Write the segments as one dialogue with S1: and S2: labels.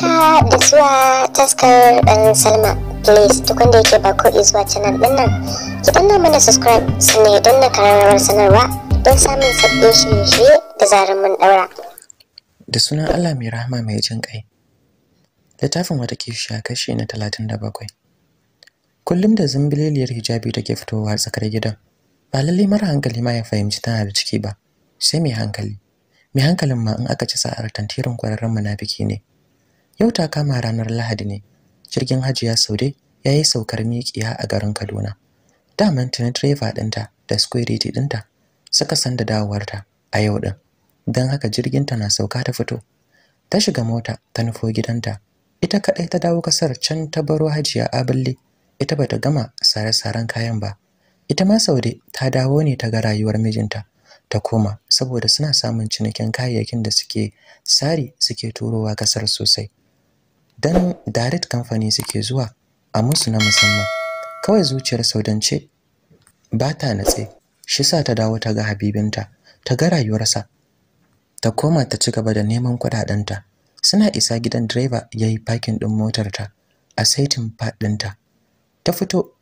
S1: haka da zuwa taskar dan salma please duk wanda yake ba ko zuwa canal din nan ki danna mana subscribe sannan ya danna karamar sanarwa don samun sabbin shirye-shirye da zarar mun daura da sunan allah mai rahama mai jin kai littafin wata kishiya kashi na talatin da bakwai kullum da zimbililiyar hijabi take fitowa tsakar gidan ba lallai mara hankali ma ya fahimci tana da ciki ba sai mai hankali mai hankalin ma in aka ci sa'ar tantirin kwararren munafiki ne Yau ta kama ranar Lahadi ne. Jirgin Hajiya Saude ya yi saukar miƙiya a garin Kaduna. Daman tuni direba ɗinta da security ɗinta suka san da dawowarta a yau ɗin. Don haka jirginta na sauka ta fito. Ta shiga mota ta nufo gidanta. Ita kaɗai ta dawo ƙasar can ta baro Hajiya Abulle. Ita bata gama sare-saren kayan ba. Ita ma Saude ta dawo ne ta ga rayuwar mijinta. ta koma saboda suna samun cinikin kayayyakin da suke sari suke turowa ƙasar sosai dan direct company suke zuwa a musu na musamman kawai zuciyar saudance ba ta natse shi sa ta dawo ta ga habibinta ta ga rayuwarsa ta koma ta ci gaba da neman kuɗaɗenta suna isa gidan direba ya yi parking ɗin motarta a saitin faɗinta ta fito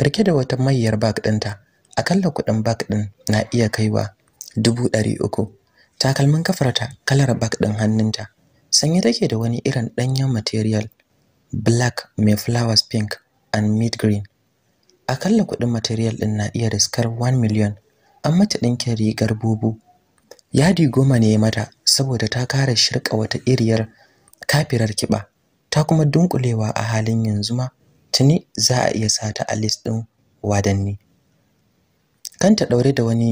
S1: rike da wata mayar bag ɗinta akalla kuɗin bag ɗin na iya kaiwa dubu ɗari uku takalmin kafarta kalar bag ɗin hannunta sanye take da wani irin danyen material black mai flowers pink and mid green akalla kudin material din na iya riskar 1 million an mata dinkin rigar bubu yadi goma ne mata saboda ta kara shirka wata iriyar kafirar kiba ta kuma dunkulewa a halin yanzu ma tuni za a iya sata a list din wadanni kanta daure da wani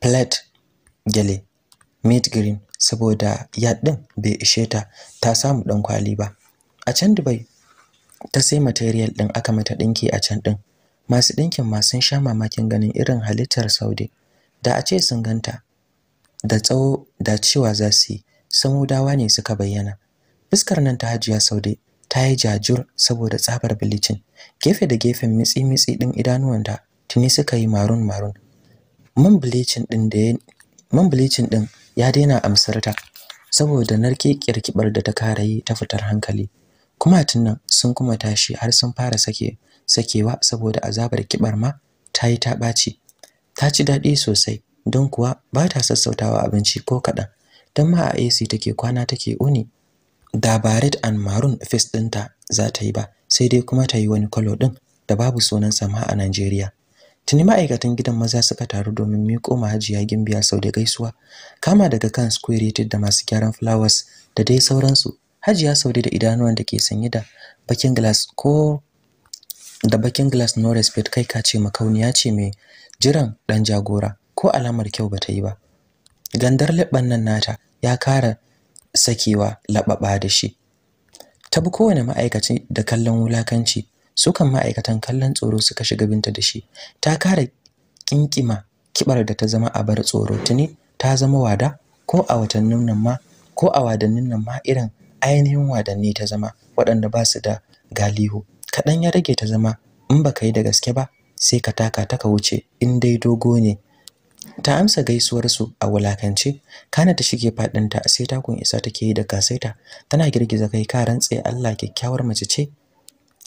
S1: plate gele mid green saboda yaɗin bai ishe ta ta samu ɗan kwali ba a can dubai ta sai material ɗin aka mata ɗinki a can ɗin masu ɗinkin ma sun sha mamakin ganin irin halittar saudi da a ce sun ganta da tsawo da cewa za su yi dawa ne suka bayyana fuskar nan ta hajiya saudi ta yi jajur saboda tsabar bilicin gefe da gefen mitsi-mitsi ɗin idanuwanta tuni suka yi marun-marun man bilicin ɗin ya daina amsar ta saboda narke kirkibar da ta kara yi ta fitar hankali kuma nan sun kuma tashi har sun fara sake sakewa saboda azabar kibar ma ta yi ta ɓaci ta ci daɗi sosai don kuwa ba ta sassautawa abinci ko kaɗan don ma a AC take kwana take uni da baret and maroon face ɗinta za ta yi ba sai dai kuma ta yi wani kwalo ɗin da babu sunan sama a Najeriya Tuni ma'aikatan gidan maza suka taru domin miƙo Hajiya Gimbiya sau da gaisuwa, kama daga kan square da masu gyaran flowers da dai sauransu. Hajiya Saude da idanuwan da ke sanye da bakin glass ko da bakin glass no respect kai ka ce makauniya ce mai jiran dan jagora ko alamar kyau bata yi ba. Gandar leɓen nan nata ya kara sakewa lababa da shi. Ta kowane ma'aikaci da kallon wulakanci sukan ma'aikatan kallon tsoro suka shiga binta da shi ta kara kinkima kibar da ta zama a bar tsoro tuni ta zama wada ko a watannin nan ma ko a wadannin nan ma irin ainihin wadanni ta zama waɗanda ba su da galihu kaɗan ya rage ta zama in ba ka yi da gaske ba sai ka taka ta ka wuce in dai dogo ne ta amsa gaisuwarsu a wulakance kana ta shige faɗinta sai takun isa take yi da kasaita tana girgiza kai ka rantse Allah kyakkyawar mace ce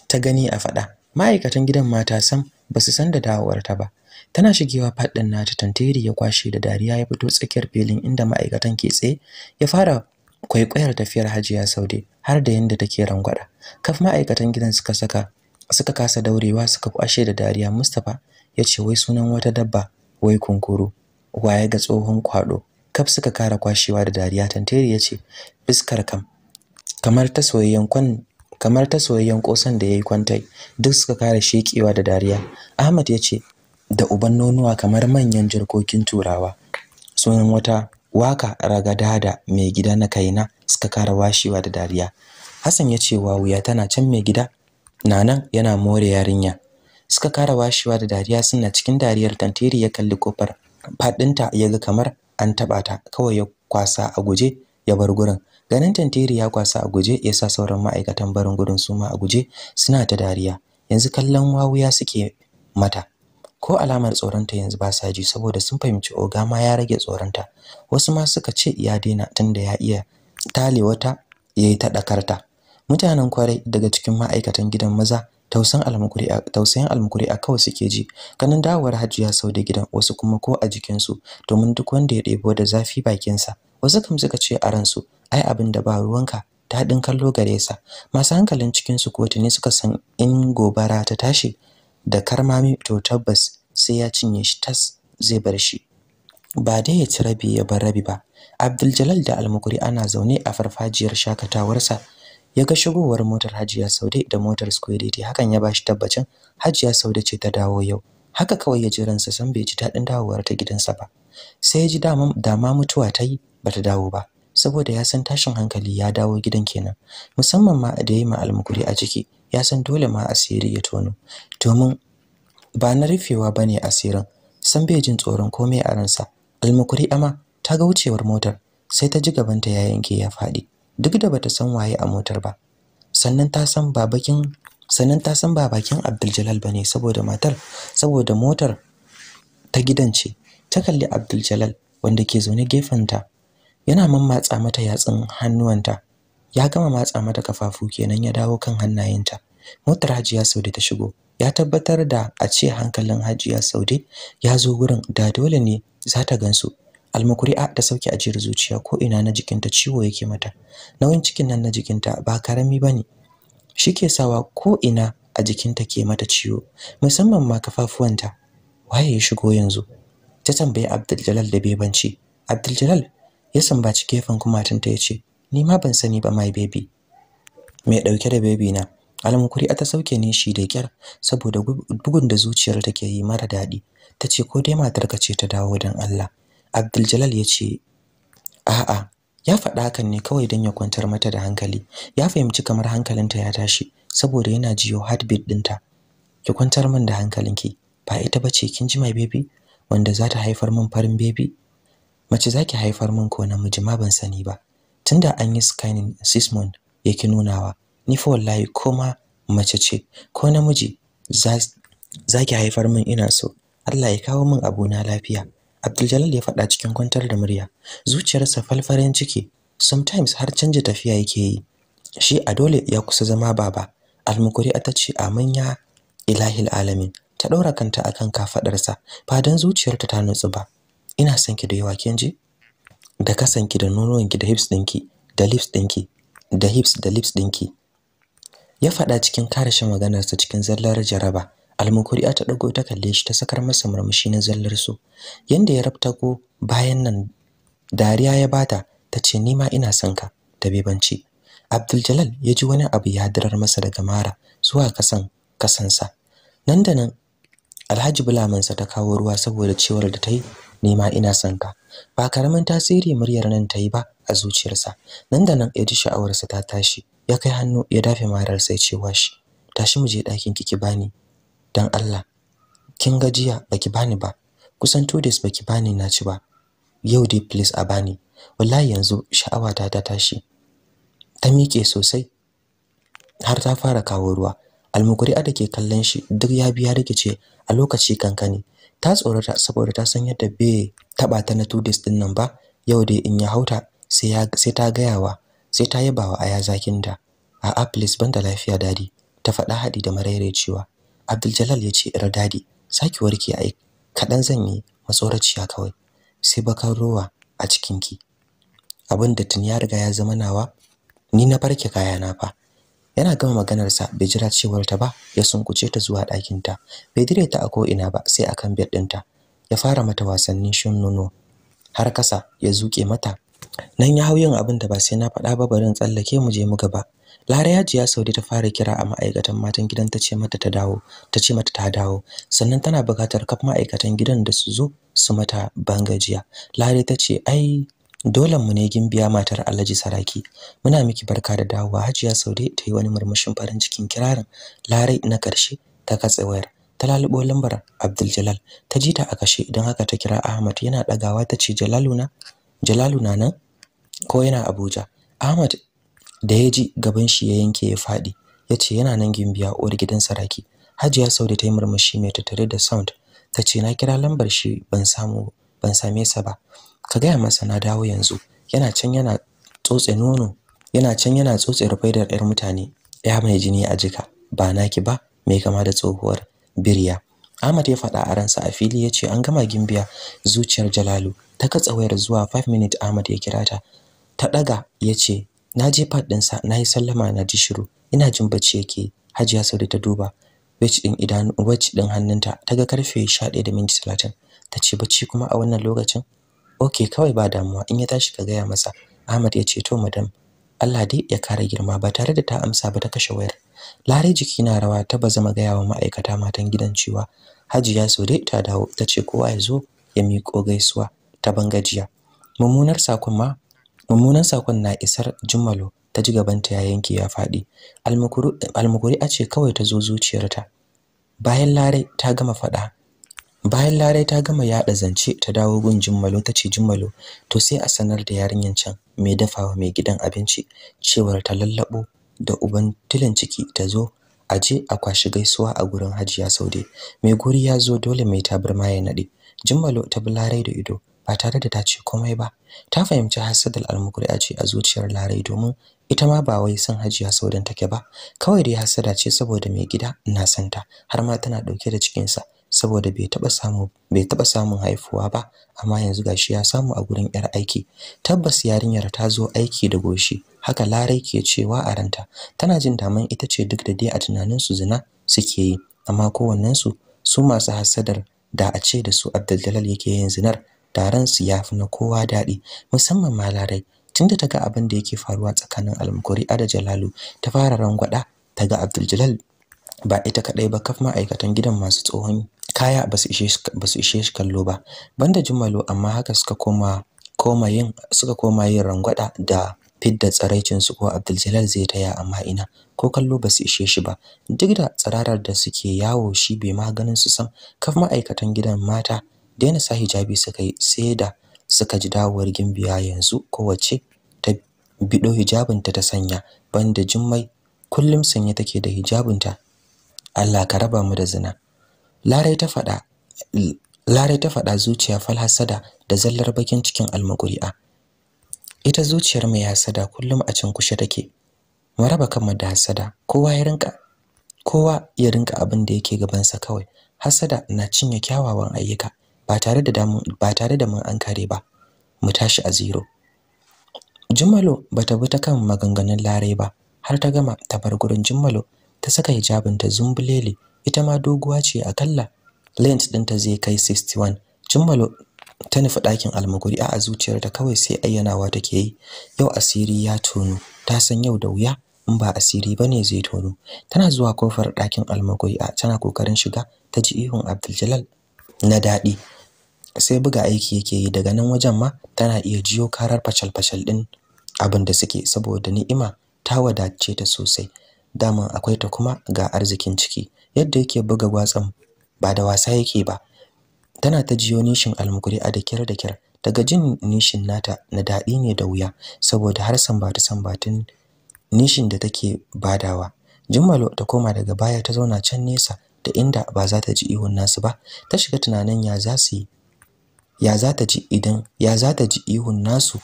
S1: ta gani a faɗa ma'aikatan gidan mata sam ba su san da dawowar ta ba tana shigewa faɗin nata tantiri ya kwashe da dariya ya fito tsakiyar filin inda ma'aikatan ke tsaye ya fara kwaikwayar tafiyar hajiya saude har da yadda take rangwada kaf ma'aikatan gidan suka saka suka kasa daurewa suka kwashe da dariya mustapha ya ce wai sunan wata dabba wai kunkuru waye ga tsohon kwado kaf suka kara kwashewa da dariya tantiri ya ce fiskar kam kamar ta soyayyen kwan kamar ta soyayyen kosan da yayi kwantai duk suka kare shekewa da dariya Ahmad ya ce da uban nonuwa kamar manyan jirkokin turawa sunan wata waka ragadada mai gida na kaina suka kara washewa da dariya Hassan ya ce wuya tana can mai gida nanan yana more yarinya suka kara washewa da dariya suna cikin dariyar tantiri ya kalli kofar fadinta ya ga kamar an taba ta kawai ya kwasa a guje ya bar gurin ganin tantiri ya kwasa a guje ya sa sauran ma'aikatan barin gudun suma a guje suna ta dariya yanzu kallon wawuya suke mata ko alamar tsoronta yanzu ba sa ji saboda sun fahimci oga ma ya rage tsoronta wasu ma suka ce ya daina tunda ya iya tale wata yayi ta dakarta mutanen kwarai daga cikin ma'aikatan gidan maza tausayin almukuri a kawai suke ji ganin dawowar hajiya sau da gidan wasu kuma ko a jikinsu domin duk wanda ya ɗebo da zafi bakinsa wasu kam suka ce a ransu ai abin da ba ruwanka daɗin kallo gare sa masu hankalin cikin su kotu ne suka san in gobara ta tashi da karmami to tabbas sai ya cinye shi tas zai bar shi ba dai ya ci rabi ya bar rabi ba Abdul da Almukuri ana zaune a farfajiyar shakatawar sa. ya ga shigowar motar Hajiya Saude da motar Squidity hakan ya bashi tabbacin Hajiya Saude ce ta dawo yau haka kawai ya ji ransa san bai ji daɗin dawowar ta gidansa ba sai ya ji dama mutuwa ta yi bata dawo ba saboda ya san tashin hankali ya dawo gidan kenan musamman ma da yayi ma almukuri a ciki ya san dole ma asiri ya tono domin ba na rufewa bane asirin san bai jin tsoron komai a ransa almukuri ama ta ga wucewar motar sai ta ji gabanta ya yanke ya faɗi duk da bata san waye a motar ba sannan ta san babakin bakin sannan ta san ba bane saboda matar saboda motar ta gidan ce ta kalli Abdul wanda ke zaune gefenta yana mammatsa mata yatsun hannuwanta ya gama matsa mata kafafu kenan ya dawo kan hannayenta motar hajiya saude ta shigo ya tabbatar da a ce hankalin hajiya saude ya zo gurin da dole ne za ta gansu almukuri'a ta sauke ajiyar zuciya ko ina na jikinta ciwo yake mata nauyin cikin nan na jikinta ba karami shi ke sawa ko ina a jikinta ke mata ciwo musamman ma kafafuwanta waye ya shigo yanzu ta tambayi Abdul da bebanci Abdul ya sambaci gefen kumatun ta ce, ni ma ban sani ba mai baby mai dauke da baby na almukuri ata sauke ni shi da kyar saboda bugun da zuciyar take yi mara dadi tace ko dai matarka ce ta dawo dan Allah Abdul Jalal yace a'a ya faɗa hakan ne kawai dan ya kwantar mata da hankali ya fahimci kamar hankalinta ya tashi saboda yana jiyo heartbeat ɗinta ki kwantar min da hankalinki ba ita bace kin ji mai baby wanda za ta haifar min farin baby mace zaki haifar min ko namiji ma ban sani ba tunda an yi scanning sismon yake nunawa ni fa wallahi ko mace ce ko namiji zaki haifar min ina so Allah ya kawo min abu na lafiya Abdul ya faɗa cikin kwantar da murya zuciyarsa falfaren ciki sometimes har canja tafiya yake yi shi a dole ya kusa zama baba almukuri ta ce amin ya ilahil alamin ta ɗora kanta akan kafaɗarsa, ba dan zuciyarta ta nutsu ba ina son ki da yawa kin ji da kasanki da nonuwanki da hips ɗinki da lips ɗinki da hips da lips ɗinki ya faɗa cikin maganar sa cikin zallar jaraba almukuri'a ta ɗago ta kalle shi ta sakar masa murmushi na zallar su. yanda ya rabta ko bayan nan dariya ya bata ta ce ni ma ina son ka da bebanci abdul jalal ya ji wani abu ya dirar masa daga mara zuwa kasan kasansa nan da nan alhaji bulamansa ta kawo ruwa saboda cewar da ta yi Nema ina son ka ba karamin tasiri muryar nan ta yi ba a zuciyarsa nan da nan ya ji sha'awarsa ta tashi ya kai hannu ya dafe marar sai cewa shi tashi mu je ɗakin kiki bani dan Allah kin ga jiya baki bani ba kusan two days baki bani na ci ba yau dai please a bani wallahi yanzu sha'awa ta ta tashi ta miƙe sosai har ta fara kawo ruwa almukuri da ke kallon shi duk ya biya rikice a lokaci kankani ta tsorata saboda ta san yadda bai taba ta na two days din nan ba yau dai in ya hauta sai ya sai ta gayawa sai ta yabawa aya zakin da a please banda lafiya dadi ta faɗa haɗi da maraire cewa Abdul Jalal ya ce ira dadi saki warke ai kaɗan zan yi matsoraciya kawai sai bakan ruwa a cikinki abin da tun ya riga ya zama nawa ni na farke kayana fa yana gama maganarsa bai jira cewar ta ba ya sunkuce ta zuwa ɗakinta. bai dire ta a ko'ina ba sai akan bed ɗinta ya fara mata wasannin shin nono har kasa ya zuke mata nan ya hau yin abin da ba sai na faɗa ba barin tsallake mu je mu gaba Lare ji ya Saude ta fara kira a ma'aikatan matan gidan ta ce mata ta dawo, ta ce mata ta dawo. Sannan tana buƙatar kaf ma'aikatan gidan da su zo su mata bangajiya. Lare ta ce ai Dolan mu ne gimbiya matar Alhaji Saraki. Muna miki barka da dawowa Hajiya Saude ta yi wani murmushin farin cikin kirarin larai na karshe ta katse wayar. Ta lalubo lambar Abdul Jalal. Ta ji ta a kashe Idan haka ta kira Ahmad yana dagawa ta ce Jalaluna Jalaluna nan ko yana Abuja. Ahmad da ya ji gaban shi ya yanke ya faɗi ya ce yana nan gimbiya uwar gidan Saraki. Hajiya Saude ta yi murmushi mai tattare da sound ta ce na kira lambar shi ban samu ban same sa ba ka gaya masa na dawo yanzu yana can yana tsotse nono yana can yana tsotse rufaidar yar mutane ya mai jini a jika ba naki ba mai kama da tsohuwar birya Ahmad ya faɗa a ransa a fili ya ce an gama gimbiya zuciyar Jalalu ta katsa wayar zuwa 5 minute Ahmad ya kira ta ta ɗaga ya ce na je pad ɗinsa na yi sallama na ji shiru ina jin bacci yake Hajiya sauri ta duba wacce ɗin wacce hannunta ta ga karfe 11 da minti 30 ta ce bacci kuma a wannan lokacin okay kawai ba damuwa in ya tashi ka gaya masa Ahmad ya ce to madam Allah dai ya kare girma ba tare da ta amsa ba ta kashe wayar lare jiki na rawa ta ba zama gaya wa ma'aikata matan gidan cewa Hajiya dai ta dawo ta ce kowa ya zo ya miƙo gaisuwa ta bangajiya mummunar sakon ma mummunan sakon na isar Jummalo ta ji gabanta ya yanke ya faɗi almukuri a ce kawai ta zo zuciyarta bayan lare ta gama faɗa bayan larai ta gama yaɗa zance ta dawo gun jimmalo tace ce jimmalo to sai a sanar da yarinyan can mai dafawa mai gidan abinci cewar ta lallabo da uban tilan ciki ta zo a je a kwashi gaisuwa a gurin hajiya saude mai guri ya zo dole mai tabarma ya naɗe jimmalo ta bi larai da ido ba tare da ta ce komai ba ta fahimci hasadal a ce a zuciyar larai domin ita ma ba wai son hajiya saudan take ba kawai dai hasada ce saboda mai gida na santa har ma tana ɗauke da cikinsa saboda bai taba samu bai taba samun haifuwa ba amma yanzu gashi ya samu a gurin yar aiki tabbas yarinyar ta zo aiki da goshi haka larai ke cewa a ranta tana jin daman ita ce duk da dai a tunanin su zina suke yi amma kowannen su su masu hasadar da a ce da su Abdul yake yin zinar taron su yafi na kowa daɗi musamman ma larai tunda ta ga abin da yake faruwa tsakanin Almukuri da jalalu ta fara rangwada ta ga abdul ba ita kadai ba kaf ma'aikatan gidan masu tsohon kaya ba su ishe shi kallo ba banda jumalo amma haka suka koma koma yin suka koma yin rangwada da fidda tsaraicin su ko Abdul zai taya amma ina ko kallo basu ishe shi ba duk da tsararar da suke yawo shi bai ma ganin su san kaf ma'aikatan gidan mata daina sa hijabi suka yi sai da suka ji dawowar gimbiya yanzu kowace ta bido hijabinta ta sanya banda jummai kullum sanye take da hijabinta Allah ka raba mu da zina larai ta faɗa larai ta faɗa zuciya falhasada da zallar bakin cikin almaguri'a ita zuciyar mai hasada kullum a cin kushe take maraba kanmu da hasada kowa ya rinka kowa ya rinka abin da yake gabansa kawai hasada na cinye kyawawan ayyuka ba tare da damu ba tare da mun an kare ba mu tashi a zero Jummalo bata bi ta kan maganganun Larai ba har ta gama ta bar gurin Jummalo ta saka hijabin ta zumbulele ita ma doguwa ce akalla length ɗinta zai kai 61 jummalo ta nufi ɗakin almaguri a zuciyar ta kawai sai ayyanawa take yi yau asiri ya tono ta san yau da wuya in ba asiri ba ne zai tono tana zuwa kofar ɗakin almaguri a tana kokarin shiga ta ji ihun Abdul na daɗi sai buga aiki yake yi daga nan wajen ma tana iya jiyo karar fashal-fashal ɗin abin da suke saboda ni'ima ta wadace ta sosai daman akwai ta kuma ga arzikin ciki yadda yake buga gwatsan ba da wasa yake ba tana ta jiyo nishin almukuri a dakiyar dakiyar daga jin nishin nata na daɗi ne da wuya saboda har sambatu sambatun nishin da take badawa jummalo ta koma daga baya ta zauna can nesa da inda ba za ta ji ihun nasu ba ta shiga tunanin ya za ta ji idan ya za ta ji ihun nasu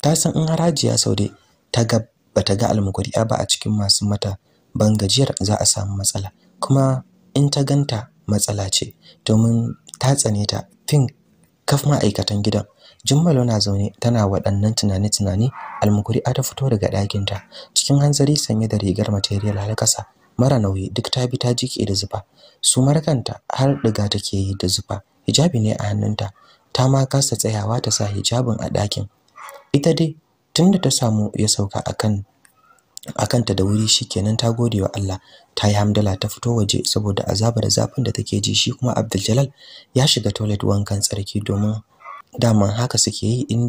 S1: ta san in harajiya saude ta ga bata ga almukuri'a ba a cikin masu mata ban gajiyar za a samu matsala kuma in ta ganta matsala ce domin ta tsane ta fin kaf ma'aikatan gidan Jummalo na zaune tana waɗannan tunani-tunani. almukuri'a ta fito daga ɗakinta cikin hanzari sanye da rigar material ƙasa. mara nauyi duk ta bi ta jiki da zufa su markanta har ɗiga take yi da zufa hijabi ne a hannunta ta ma kasa tsayawa ta sa hijabin a ɗakin ita dai tunda ta samu ya sauka akan akanta da wuri shikenan ta gode wa Allah ta yi hamdala ta fito waje saboda azabar zafin da take ji shi kuma Abdul ya shiga toilet wankan tsarki domin daman haka suke yi in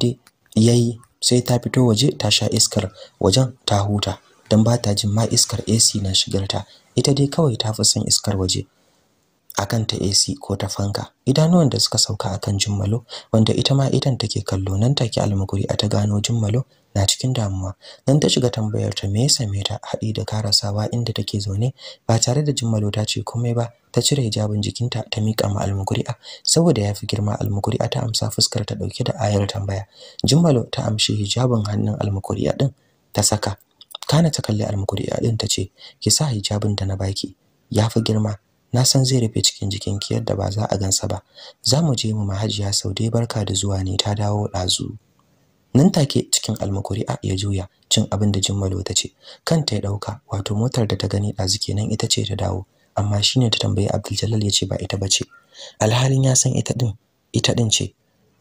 S1: yayi sai ta fito waje ta sha iskar wajen ta huta dan ba ta jin ma iskar AC na shigar ita dai kawai ta fi son iskar waje akan ta AC ko ta fanka idanuwan da suka sauka akan Jummalo wanda ita ma idan take kallo nan take almakuri a ta gano Jummalo na cikin damuwa nan ta shiga tambayar ta me ya same ta haɗi da karasawa inda take zaune ba tare da jimmalo ta ce komai ba ta cire hijabin jikinta ta mika ma almuguri'a saboda yafi girma almuguri'a ta amsa fuskar ta ɗauke da ayar tambaya jimmalo ta amshi hijabin hannun almuguri'a din? ta saka kana ta kalli almuguri'a ɗin ta ce ki sa hijabin da na baki yafi girma na san zai rufe cikin jikin ki yadda ba za a gansa ba za mu je mu mahajiya sau dai barka da zuwa ne ta dawo ɗazu nan take cikin almakuri'a ya juya cin abin da jimmalo ta ce kanta ya dauka wato motar da ta gani dazu kenan ita ce ta dawo amma shine ta tambaye Abdul ya ce ba ita bace alhalin ya san ita din ita din ce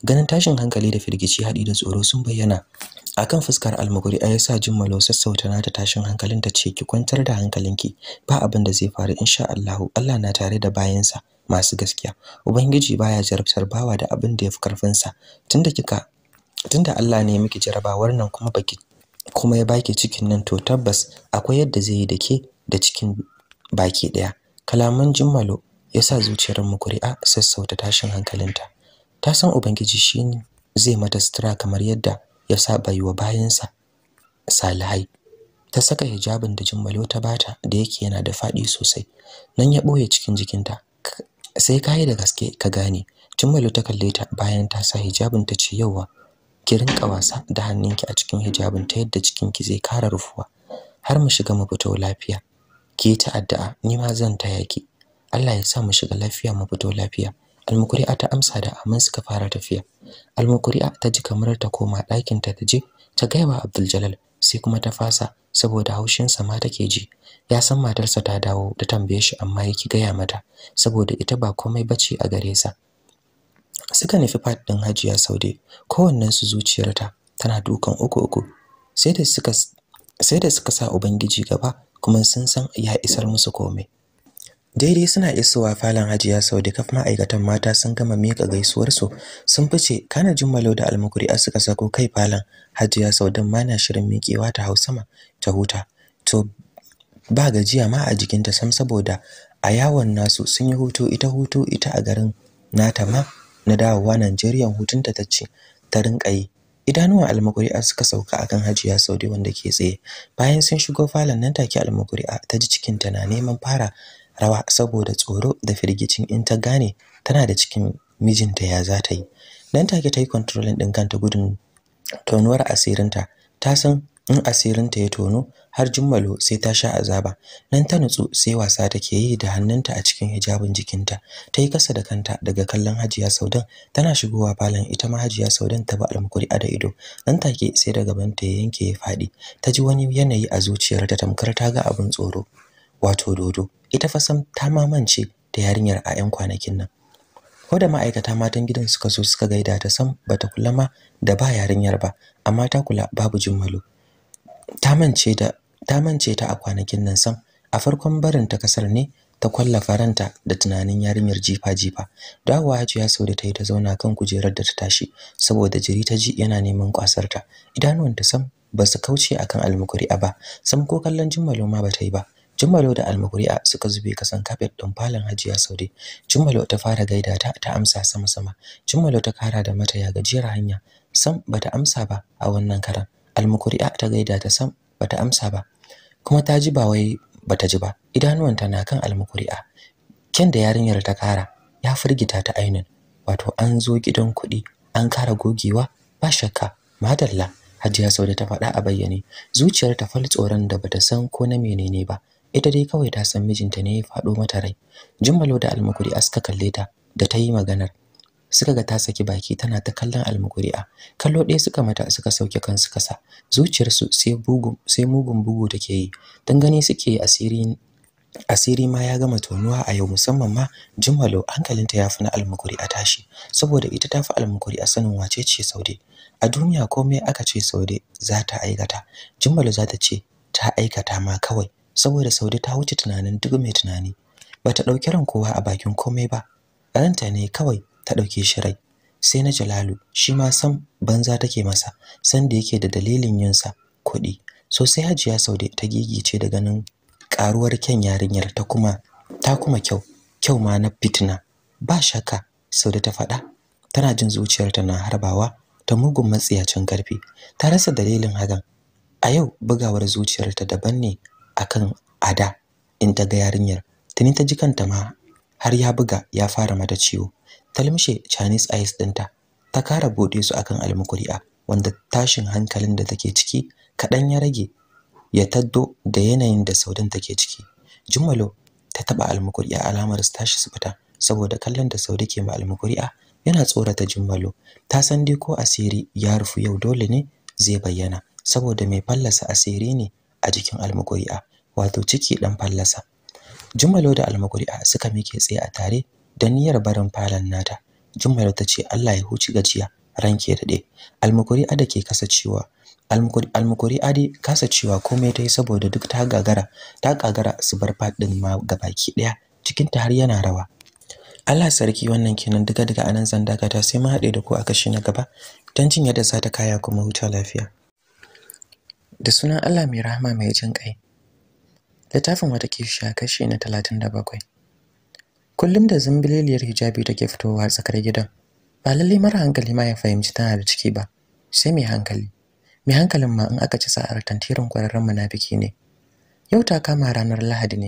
S1: ganin tashin hankali da firgici haɗi da tsoro sun bayyana akan fuskar almukuri'a ya sa jimmalo sassauta nata tashin hankalin ta ce ki kwantar da hankalinki ba abin da zai faru insha Allah Allah na tare da bayansa masu gaskiya ubangiji baya jarabtar bawa da abin da ya fi karfin sa tunda kika tunda Allah ne miki jarabawar nan kuma baki kuma ya baki cikin nan to tabbas akwai yadda zai yi da ke da cikin baki daya kalaman jummalo ya sa zuciyar mu kuri'a, sassauta tashin hankalinta ta san ubangiji shi ne zai mata sutura kamar yadda ya saba yi wa bayansa salihai ta saka hijabin da jummalo ta bata da yake yana da faɗi sosai nan ya ɓoye cikin jikinta sai kayi da gaske ka gane jummalo ta kalle ta bayan ta sa hijabin ta ce yawa ki rinka wasa da hannunki a cikin hijabin ta yadda cikinki zai kara rufuwa har mu shiga mu fito lafiya ki yi ta addu'a ni ma zan taya ki Allah ya sa mu shiga lafiya mu fito lafiya almukuri'a ta amsa da amin suka fara tafiya almukuri'a ta ji kamar ta koma ɗakin ta je ta gaiwa Abdul Jalal sai kuma ta fasa saboda haushin sa ma take ji ya san matarsa ta dawo ta tambaye shi amma yake gaya mata saboda ita ba komai bace a gare sa suka nufi fat din hajiya saude su zuciyarta tana dukan uku uku sai da suka sai da suka sa ubangiji gaba kuma sun san ya isar musu komai daidai suna isowa falon hajiya saude kaf ma'aikatan mata sun gama mika gaisuwar su sun fice kana jummalo da almukuri a suka sako kai falon hajiya saude ma na shirin mikewa ta hau sama ta huta to ba gajiya ma a jikinta sam saboda a yawon nasu sun yi hutu ita hutu ita a garin nata ma na dawowa Najeriya hutunta ta ce ta rinka yi idanuwan almakuri'a suka sauka akan Hajiya saudi wanda ke tsaye bayan sun shigo falon nan take almakuri'a ta ji cikin ta na neman fara rawa saboda tsoro da firgicin in ta gane tana da cikin mijinta ya za ta yi nan take ta yi controlling din kanta gudun tonuwar asirinta ta san in asirinta ya tono har Jummalo sai ta sha azaba nan ta nutsu sai wasa take yi da hannunta a cikin hijabin jikinta ta yi kasa da kanta daga kallon Hajiya Saudan tana shigowa falon ita ma Hajiya Saudan ta ba almukuri'a da ido nan take sai daga banta ya yanke ya faɗi ta ji wani yanayi a zuciyar ta tamkar ta ga abin tsoro wato dodo ita fa sam ta mamance da yarinyar a 'yan kwanakin nan ko da ma'aikata matan gidan suka zo suka gaida ta sam bata kula ma da ba yarinyar ba amma ta kula babu jummalo ta mance da ta mance ta a kwanakin nan sam a farkon barin ta kasar ne ta kwalla faranta da tunanin yarinyar jifa-jifa dawowa hajiya sau da ta yi ta zauna kan kujerar da ta tashi saboda jiri ta ji yana neman kwasar kwasarta ta sam ba su kauce akan almukuri'a ba sam ko kallon jummalo ma ba ta yi ba jummalo da almukuri'a suka zube kasan kafet don falon hajiya saude jummalo ta fara gaida ta ta amsa sama-sama jummalo ta kara da mata ya gajiyar hanya sam ba ta amsa ba a wannan karan almukuri'a ta gaida ta sam bata amsa ba kuma ta ji ba wai bata ji ba idanuwanta na kan almukuri'a kyan da yarinyar ta kara ya firgita ta ainin wato an zo gidan kuɗi an kara gogewa ba shakka madalla hajiya sau da ta faɗa a bayyane zuciyar ta fal tsoron da bata san ko na menene ba ita dai kawai ta san mijinta ne ya faɗo mata rai jummalo da almukuri'a suka kalle ta da ta yi maganar suka ga ta saki baki tana ta kallon almuguri'a kallo ɗaya suka mata suka sauke kansu kasa zuciyarsu sai bugu sai mugun bugu take yi dan gani suke asiri asiri ma ya gama tonuwa a yau musamman ma jimalo hankalinta ya fi na almuguri'a tashi saboda ita ta fi almuguri'a sanin wace ce saude a duniya komai aka ce saude za ta aikata jimalo za ta ce ta aikata ma kawai saboda saude ta wuce tunanin duk mai tunani bata ɗauki ran kowa a bakin komai ba ranta ne kawai ta dauke shi rai sai na Jalalu shi ma san banza take masa san da yake da dalilin yin sa kuɗi so sai Hajiya Saude ta gigice da ganin karuwar kyan yarinyar ta kuma ta kuma kyau kyau ma na fitina ba shakka Saude ta faɗa tana jin zuciyarta na harbawa ta mugun matsiya cin karfi ta rasa dalilin hagan. a yau bugawar zuciyarta daban ne akan ada in ta ga yarinyar tuni ta ji kanta ma har ya buga ya fara mata ciwo ta limshe Chinese ice dinta ta kara bude su akan almukuri'a wanda tashin hankalin da take ciki kadan ya rage ya taddo da yanayin da saudin take ciki jummalo ta taba almukuri'a alamar su tashi su fita saboda kallon da saudi ke ma almukuri'a yana tsorata jummalo ta san dai ko asiri ya rufu yau dole ne zai bayyana saboda mai fallasa asiri ne a jikin almukuri'a wato ciki dan fallasa jummalo da almukuri'a suka mike tsaye a tare da niyyar barin falon nata Jummai ta ce Allah ya huci gajiya ranke daɗe almukuri ada ke kasa cewa almukuri ade kasa komai ta yi saboda duk ta gagara ta gagara su bar faɗin ma gabaki ɗaya ta har yana rawa Allah sarki wannan kenan duka duka anan zan ta, sai mu haɗe da ku a kashi na gaba don jin yadda za ta kaya kuma huta lafiya da sunan Allah mai rahama mai jin kai littafin wata kishi a kashi na 37 kullum da zimbililiyar hijabi take fitowa tsakar gidan ba lallai mara hankali ma ya fahimci tana da ciki ba sai mai hankali mai hankalin ma in aka ci sa'ar tantirin kwararren munafiki ne yau ta kama ranar lahadi ne